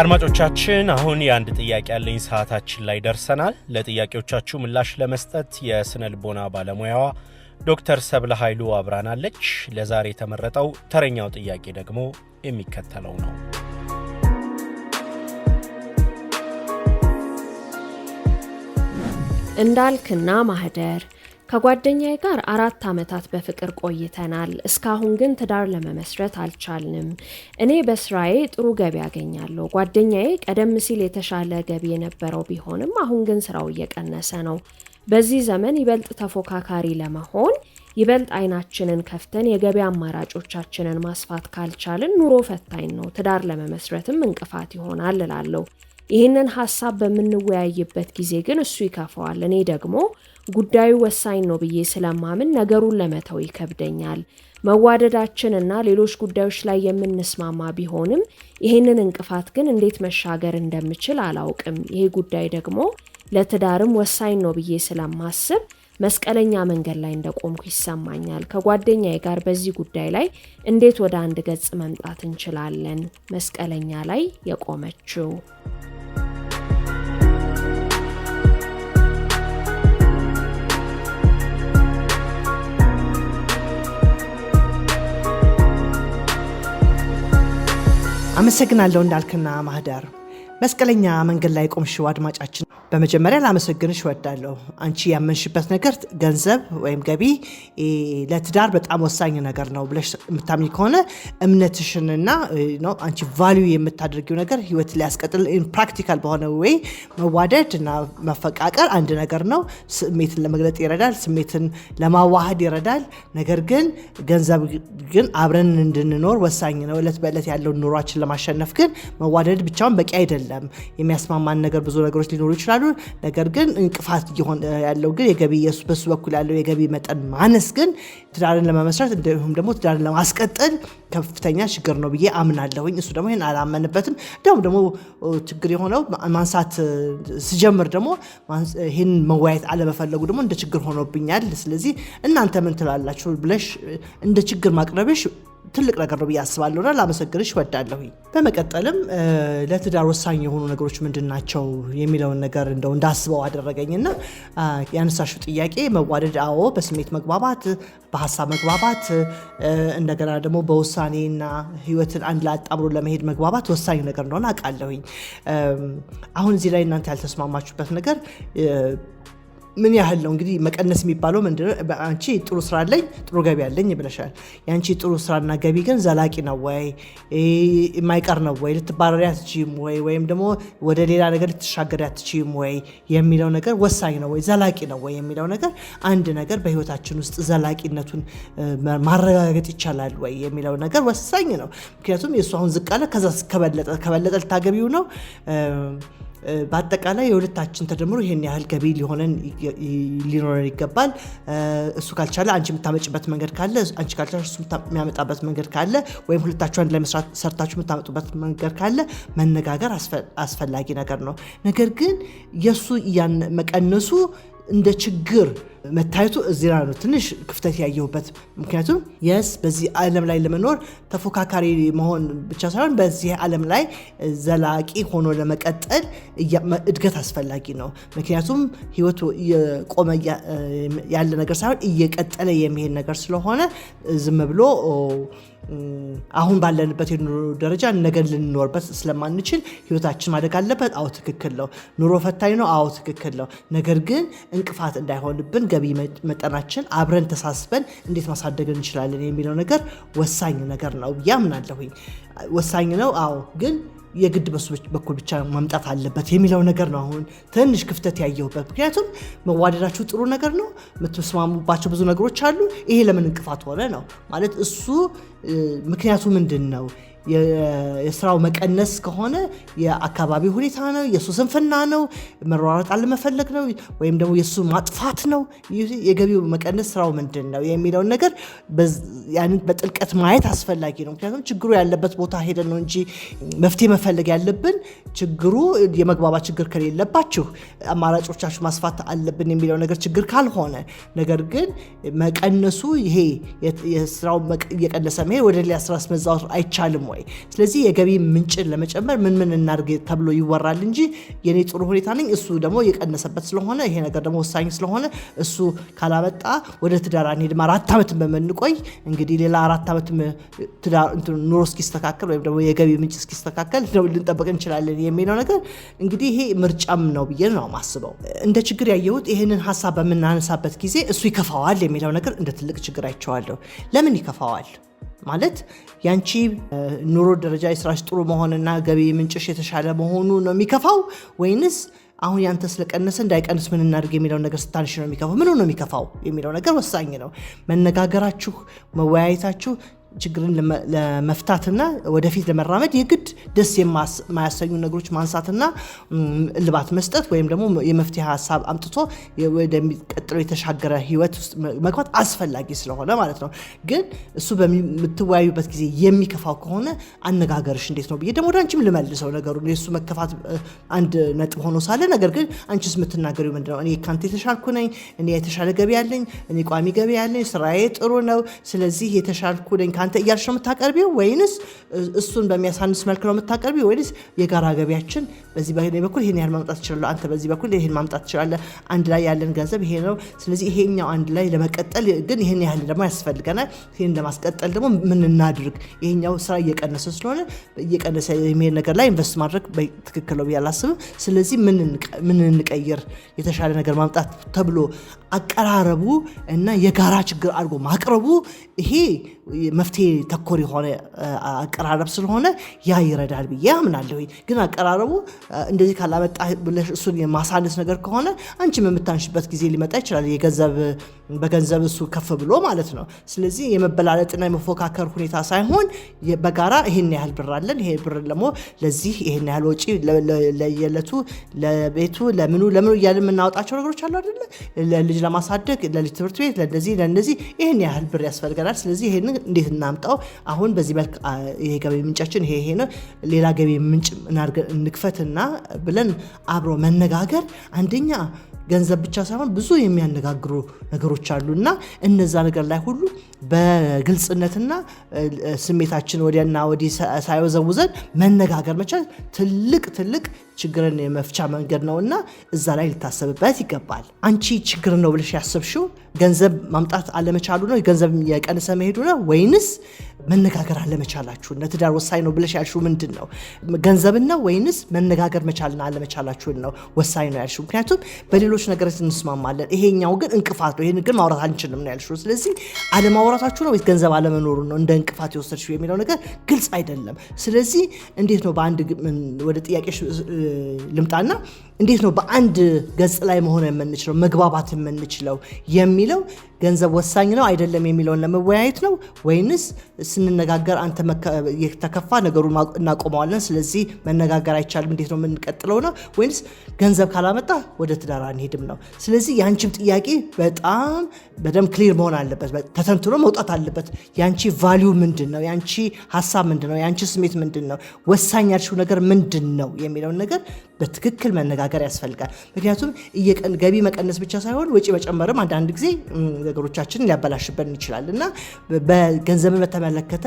አድማጮቻችን አሁን የአንድ ጥያቄ ያለኝ ሰዓታችን ላይ ደርሰናል። ለጥያቄዎቻችሁ ምላሽ ለመስጠት የስነ ልቦና ባለሙያዋ ዶክተር ሰብለ ኃይሉ አብራናለች። ለዛሬ የተመረጠው ተረኛው ጥያቄ ደግሞ የሚከተለው ነው። እንዳልክና ማህደር ከጓደኛዬ ጋር አራት ዓመታት በፍቅር ቆይተናል። እስካሁን ግን ትዳር ለመመስረት አልቻልንም። እኔ በስራዬ ጥሩ ገቢ አገኛለሁ። ጓደኛዬ ቀደም ሲል የተሻለ ገቢ የነበረው ቢሆንም አሁን ግን ስራው እየቀነሰ ነው። በዚህ ዘመን ይበልጥ ተፎካካሪ ለመሆን ይበልጥ አይናችንን ከፍተን የገበያ አማራጮቻችንን ማስፋት ካልቻልን ኑሮ ፈታኝ ነው፣ ትዳር ለመመስረትም እንቅፋት ይሆናል እላለሁ። ይህንን ሀሳብ በምንወያይበት ጊዜ ግን እሱ ይከፋዋል። እኔ ደግሞ ጉዳዩ ወሳኝ ነው ብዬ ስለማምን ነገሩን ለመተው ይከብደኛል። መዋደዳችንና ሌሎች ጉዳዮች ላይ የምንስማማ ቢሆንም ይህንን እንቅፋት ግን እንዴት መሻገር እንደምችል አላውቅም። ይሄ ጉዳይ ደግሞ ለትዳርም ወሳኝ ነው ብዬ ስለማስብ መስቀለኛ መንገድ ላይ እንደቆምኩ ይሰማኛል። ከጓደኛዬ ጋር በዚህ ጉዳይ ላይ እንዴት ወደ አንድ ገጽ መምጣት እንችላለን? መስቀለኛ ላይ የቆመችው አመሰግናለሁ እንዳልክና ማህደር መስቀለኛ መንገድ ላይ ቆምሽው አድማጫችን በመጀመሪያ ላመሰግንሽ እወዳለሁ። አንቺ ያመንሽበት ነገር ገንዘብ ወይም ገቢ ለትዳር በጣም ወሳኝ ነገር ነው ብለሽ የምታምኝ ከሆነ እምነትሽንና አንቺ ቫሊዩ የምታደርጊው ነገር ህይወት ሊያስቀጥል ፕራክቲካል በሆነ ወይ መዋደድ እና መፈቃቀር አንድ ነገር ነው። ስሜትን ለመግለጥ ይረዳል፣ ስሜትን ለማዋሃድ ይረዳል። ነገር ግን ገንዘብ ግን አብረን እንድንኖር ወሳኝ ነው። እለት በእለት ያለውን ኑሯችን ለማሸነፍ ግን መዋደድ ብቻውን በቂ አይደለም። የሚያስማማን ነገር ብዙ ነገሮች ሊኖሩ ይችላል። ይችላሉ። ነገር ግን እንቅፋት እየሆነ ያለው ግን የገቢ በሱ በኩል ያለው የገቢ መጠን ማነስ ግን ትዳርን ለመመስረት እንዲሁም ደግሞ ትዳርን ለማስቀጠል ከፍተኛ ችግር ነው ብዬ አምናለሁኝ። እሱ ደግሞ ይህን አላመንበትም። እንዲሁም ደግሞ ችግር የሆነው ማንሳት ስጀምር ደግሞ ይህን መወያየት አለመፈለጉ ደግሞ እንደ ችግር ሆኖብኛል። ስለዚህ እናንተ ምን ትላላችሁ ብለሽ እንደ ችግር ማቅረብሽ ትልቅ ነገር ነው ብዬ አስባለሁና ላመሰግንሽ ወዳለሁ በመቀጠልም ለትዳር ወሳኝ የሆኑ ነገሮች ምንድን ናቸው የሚለውን ነገር እንደው እንዳስበው አደረገኝና ያነሳሽው ጥያቄ መዋደድ፣ አዎ፣ በስሜት መግባባት፣ በሀሳብ መግባባት፣ እንደገና ደግሞ በውሳኔና ህይወትን አንድ ላይ አጣምሮ ለመሄድ መግባባት ወሳኝ ነገር እንደሆነ አውቃለሁኝ። አሁን እዚህ ላይ እናንተ ያልተስማማችሁበት ነገር ምን ያህል ነው እንግዲህ መቀነስ የሚባለው ምንድነው? አንቺ ጥሩ ስራ አለኝ ጥሩ ገቢ አለኝ ብለሻል። የአንቺ ጥሩ ስራና ገቢ ግን ዘላቂ ነው ወይ የማይቀር ነው ወይ ልትባረሪ አትችም ወይ ወይም ደግሞ ወደ ሌላ ነገር ልትሻገሪ አትችም ወይ የሚለው ነገር ወሳኝ ነው ወይ ዘላቂ ነው ወይ የሚለው ነገር አንድ ነገር በህይወታችን ውስጥ ዘላቂነቱን ማረጋገጥ ይቻላል ወይ የሚለው ነገር ወሳኝ ነው። ምክንያቱም የእሱ አሁን ዝቅ አለ ከዛ ከበለጠ ልታገቢው ነው በአጠቃላይ የሁለታችን ተደምሮ ይህን ያህል ገቢ ሊሆነን ሊኖረን ይገባል። እሱ ካልቻለ አንቺ የምታመጭበት መንገድ ካለ፣ አንቺ ካልቻለ እሱ የሚያመጣበት መንገድ ካለ፣ ወይም ሁለታችሁ አንድ ላይ መስራት ሰርታችሁ የምታመጡበት መንገድ ካለ መነጋገር አስፈላጊ ነገር ነው። ነገር ግን የእሱ መቀነሱ እንደ ችግር መታየቱ እዚህ ላይ ነው ትንሽ ክፍተት ያየሁበት። ምክንያቱም የስ በዚህ ዓለም ላይ ለመኖር ተፎካካሪ መሆን ብቻ ሳይሆን በዚህ ዓለም ላይ ዘላቂ ሆኖ ለመቀጠል እድገት አስፈላጊ ነው። ምክንያቱም ሕይወቱ የቆመ ያለ ነገር ሳይሆን እየቀጠለ የሚሄድ ነገር ስለሆነ ዝም ብሎ አሁን ባለንበት የኑሮ ደረጃ ነገን ልንኖርበት ስለማንችል ህይወታችን ማደግ አለበት። አዎ ትክክል ነው። ኑሮ ፈታኝ ነው። አዎ ትክክል ነው። ነገር ግን እንቅፋት እንዳይሆንብን ገቢ መጠናችን አብረን ተሳስበን እንዴት ማሳደግ እንችላለን የሚለው ነገር ወሳኝ ነገር ነው ብዬ አምናለሁኝ። ወሳኝ ነው። አዎ ግን የግድ በሱ በኩል ብቻ መምጣት አለበት የሚለው ነገር ነው አሁን ትንሽ ክፍተት ያየሁበት። ምክንያቱም መዋደዳችሁ ጥሩ ነገር ነው፣ የምትስማሙባቸው ብዙ ነገሮች አሉ። ይሄ ለምን እንቅፋት ሆነ ነው ማለት እሱ ምክንያቱ ምንድን ነው የስራው መቀነስ ከሆነ የአካባቢ ሁኔታ ነው፣ የእሱ ስንፍና ነው፣ መሯሯጥ አለመፈለግ ነው፣ ወይም ደግሞ የእሱ ማጥፋት ነው። የገቢው መቀነስ ስራው ምንድን ነው የሚለውን ነገር በጥልቀት ማየት አስፈላጊ ነው። ምክንያቱም ችግሩ ያለበት ቦታ ሄደን ነው እንጂ መፍትሄ መፈለግ ያለብን። ችግሩ የመግባባት ችግር ከሌለባችሁ አማራጮቻችሁ ማስፋት አለብን የሚለው ነገር ችግር ካልሆነ፣ ነገር ግን መቀነሱ ይሄ የስራው እየቀነሰ መሄድ ወደ ሌላ ስራ አስመዛወር አይቻልም ወይ ወይ? ስለዚህ የገቢ ምንጭን ለመጨመር ምን ምን እናድርግ ተብሎ ይወራል እንጂ የኔ ጥሩ ሁኔታ ነኝ እሱ ደግሞ የቀነሰበት ስለሆነ ይሄ ነገር ደግሞ ወሳኝ ስለሆነ እሱ ካላመጣ ወደ ትዳር አንሄድም። አራት ዓመትን በምንቆይ እንግዲህ ሌላ አራት ዓመት ኑሮ እስኪስተካከል ወይም ደግሞ የገቢ ምንጭ እስኪስተካከል ልንጠበቅ እንችላለን የሚለው ነገር እንግዲህ ይሄ ምርጫም ነው ብዬ ነው ማስበው። እንደ ችግር ያየሁት ይህንን ሀሳብ በምናነሳበት ጊዜ እሱ ይከፋዋል የሚለው ነገር እንደ ትልቅ ችግር አይቼዋለሁ። ለምን ይከፋዋል? ማለት ያንቺ ኑሮ ደረጃ የስራሽ ጥሩ መሆንና ገቢ ምንጭሽ የተሻለ መሆኑ ነው የሚከፋው ወይንስ አሁን ያንተ ስለቀነሰ እንዳይቀንስ ምን እናድርግ የሚለው ነገር ስታንሽ ነው የሚከፋው፣ ምን ነው የሚከፋው የሚለው ነገር ወሳኝ ነው። መነጋገራችሁ፣ መወያየታችሁ ችግርን ለመፍታትና ወደፊት ለመራመድ የግድ ደስ የማያሰኙ ነገሮች ማንሳትና እልባት መስጠት ወይም ደግሞ የመፍትሄ ሀሳብ አምጥቶ ወደሚቀጥለው የተሻገረ ህይወት ውስጥ መግባት አስፈላጊ ስለሆነ ማለት ነው። ግን እሱ በምትወያዩበት ጊዜ የሚከፋው ከሆነ አነጋገርሽ እንዴት ነው ብዬ ደግሞ ወደ አንቺም ልመልሰው ነገሩ የእሱ መከፋት አንድ ነጥብ ሆኖ ሳለ ነገር ግን አንቺስ የምትናገሪው ምንድን ነው? እኔ ከአንተ የተሻልኩ ነኝ፣ እኔ የተሻለ ገቢ ያለኝ፣ እኔ ቋሚ ገቢ ያለኝ፣ ስራዬ ጥሩ ነው፣ ስለዚህ የተሻልኩ ነኝ አንተ እያልሽ ነው የምታቀርቢው ወይንስ እሱን በሚያሳንስ መልክ ነው የምታቀርቢው? ወይንስ የጋራ ገቢያችን በዚህ በኩል ይሄን ያህል ማምጣት ትችላለ፣ አንተ በዚህ በኩል ይሄን ማምጣት ትችላለ፣ አንድ ላይ ያለን ገንዘብ ይሄ ነው። ስለዚህ ይሄኛው አንድ ላይ ለመቀጠል ግን ይሄን ያህል ደግሞ ያስፈልገናል። ይሄን ለማስቀጠል ደግሞ ምን እናድርግ? ይሄኛው ስራ እየቀነሰ ስለሆነ እየቀነሰ የሚሄድ ነገር ላይ ኢንቨስት ማድረግ ትክክል ነው ብዬ አላስብም። ስለዚህ ምን እንቀይር፣ የተሻለ ነገር ማምጣት ተብሎ አቀራረቡ እና የጋራ ችግር አድርጎ ማቅረቡ ይሄ መፍትሄ ተኮር የሆነ አቀራረብ ስለሆነ ያ ይረዳል ብዬ አምናለሁ። ግን አቀራረቡ እንደዚህ ካላመጣ ብለሽ እሱን የማሳነስ ነገር ከሆነ አንቺም የምታንሽበት ጊዜ ሊመጣ ይችላል። የገንዘብ በገንዘብ እሱ ከፍ ብሎ ማለት ነው። ስለዚህ የመበላለጥና የመፎካከር ሁኔታ ሳይሆን በጋራ ይህን ያህል ብር አለን፣ ይሄ ብር ደግሞ ለዚህ ይህን ያህል ወጪ ለየለቱ ለቤቱ ለምኑ ለምኑ እያለ የምናወጣቸው ነገሮች አሉ አይደለ? ለልጅ ለማሳደግ፣ ለልጅ ትምህርት ቤት፣ ለእንደዚህ ለእንደዚህ ይህን ያህል ብር ያስፈልገናል። ስለዚህ ይህን እንዴት እናምጣው? አሁን በዚህ መልክ ይሄ ገቢ ምንጫችን ይሄ ይሄ ነው፣ ሌላ ገቢ ምንጭ እናድርገን እንክፈትና ብለን አብሮ መነጋገር አንደኛ ገንዘብ ብቻ ሳይሆን ብዙ የሚያነጋግሩ ነገሮች አሉ እና እነዛ ነገር ላይ ሁሉ በግልጽነትና ስሜታችን ወዲያና ወዲህ ሳይወዘውዘን መነጋገር መቻል ትልቅ ትልቅ ችግርን የመፍቻ መንገድ ነው እና እዛ ላይ ሊታሰብበት ይገባል። አንቺ ችግር ነው ብለሽ ያሰብሽው ገንዘብ ማምጣት አለመቻሉ ነው፣ ገንዘብ የቀንሰ መሄዱ ነው ወይንስ መነጋገር አለመቻላችሁ ለትዳር ወሳኝ ነው ብለሽ ያልሽው ምንድን ነው? ገንዘብን ነው ወይንስ መነጋገር መቻልና አለመቻላችሁን ነው ወሳኝ ነው ያልሽው? ምክንያቱም በሌሎች ነገሮች እንስማማለን፣ ይሄኛው ግን እንቅፋት ነው፣ ይህን ግን ማውራት አንችልም ነው ያልሽው። ስለዚህ አለማውራታችሁ ነው ወይስ ገንዘብ አለመኖሩ ነው እንደ እንቅፋት የወሰድሽው የሚለው ነገር ግልጽ አይደለም። ስለዚህ እንዴት ነው በአንድ ወደ ጥያቄ ልምጣና እንዴት ነው በአንድ ገጽ ላይ መሆን የምንችለው መግባባት የምንችለው የሚለው ገንዘብ ወሳኝ ነው አይደለም የሚለውን ለመወያየት ነው ወይንስ ስንነጋገር አንተ የተከፋ ነገሩን እናቆመዋለን፣ ስለዚህ መነጋገር አይቻልም፣ እንዴት ነው የምንቀጥለው ነው ወይንስ ገንዘብ ካላመጣ ወደ ትዳር አንሄድም ነው? ስለዚህ የአንቺም ጥያቄ በጣም በደም ክሊር መሆን አለበት፣ ተተንትኖ መውጣት አለበት። የአንቺ ቫሊዩ ምንድን ነው? የአንቺ ሀሳብ ምንድን ነው? የአንቺ ስሜት ምንድን ነው? ወሳኝ ያልሽው ነገር ምንድን ነው የሚለውን ነገር በትክክል መነጋገር መነጋገር ያስፈልጋል። ምክንያቱም ገቢ መቀነስ ብቻ ሳይሆን ወጪ መጨመርም አንዳንድ ጊዜ ነገሮቻችን ሊያበላሽበን ይችላል እና በገንዘብን በተመለከተ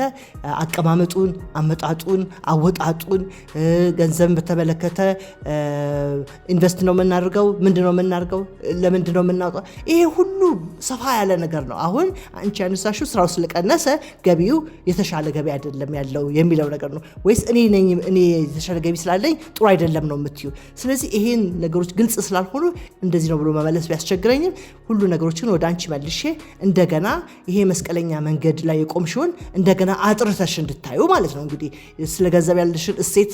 አቀማመጡን፣ አመጣጡን፣ አወጣጡን ገንዘብን በተመለከተ ኢንቨስት ነው የምናደርገው፣ ምንድን ነው የምናደርገው፣ ለምንድን ነው የምናወጣው፣ ይሄ ሁሉ ሰፋ ያለ ነገር ነው። አሁን አንቺ ያነሳሽው ስራው ስለቀነሰ ገቢው የተሻለ ገቢ አይደለም ያለው የሚለው ነገር ነው ወይስ እኔ ነኝ እኔ የተሻለ ገቢ ስላለኝ ጥሩ አይደለም ነው የምትዩ? ስለዚህ ይሄ ይህን ነገሮች ግልጽ ስላልሆኑ እንደዚህ ነው ብሎ መመለስ ቢያስቸግረኝም ሁሉ ነገሮችን ወደ አንቺ መልሼ እንደገና ይሄ መስቀለኛ መንገድ ላይ ሲሆን እንደገና አጥርተሽ እንድታዩ ማለት ነው። እንግዲህ ስለ ገንዘብ ያለሽን እሴት፣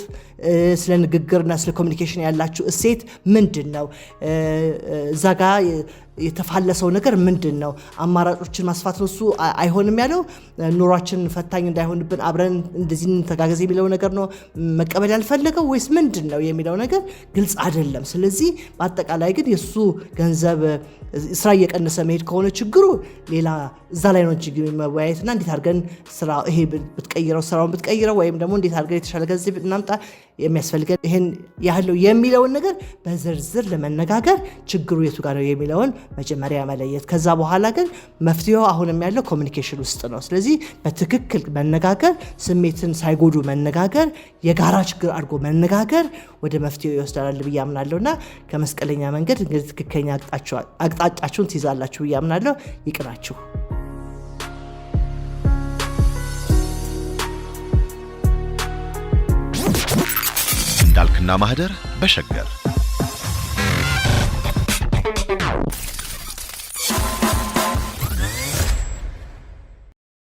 ስለ ንግግርና ስለ ኮሚኒኬሽን ያላችሁ እሴት ምንድን ነው እዛ ጋ የተፋለሰው ነገር ምንድን ነው? አማራጮችን ማስፋት ነው እሱ አይሆንም ያለው ኑሯችን ፈታኝ እንዳይሆንብን አብረን እንደዚህ እንተጋገዝ የሚለው ነገር ነው መቀበል ያልፈለገው ወይስ ምንድን ነው የሚለው ነገር ግልጽ አይደለም። ስለዚህ በአጠቃላይ ግን የእሱ ገንዘብ ስራ እየቀነሰ መሄድ ከሆነ ችግሩ ሌላ እዛ ላይ ነው ችግር መወያየትና እንዴት አድርገን ስራ ይሄ ብትቀይረው ስራውን ብትቀይረው ወይም ደግሞ እንዴት አድርገን የተሻለ ገንዘብ እናምጣ የሚያስፈልገን ይህን ያህለው የሚለውን ነገር በዝርዝር ለመነጋገር ችግሩ የቱ ጋር ነው የሚለውን መጀመሪያ መለየት፣ ከዛ በኋላ ግን መፍትሄው አሁንም ያለው ኮሚኒኬሽን ውስጥ ነው። ስለዚህ በትክክል መነጋገር፣ ስሜትን ሳይጎዱ መነጋገር፣ የጋራ ችግር አድርጎ መነጋገር ወደ መፍትሄው ይወስዳል ብዬ አምናለሁ እና ከመስቀለኛ መንገድ እንግዲህ ትክክለኛ አቅጣጫችሁን ትይዛላችሁ ብዬ አምናለሁ። ይቅናችሁ። እንዳልክና ማህደር በሸገር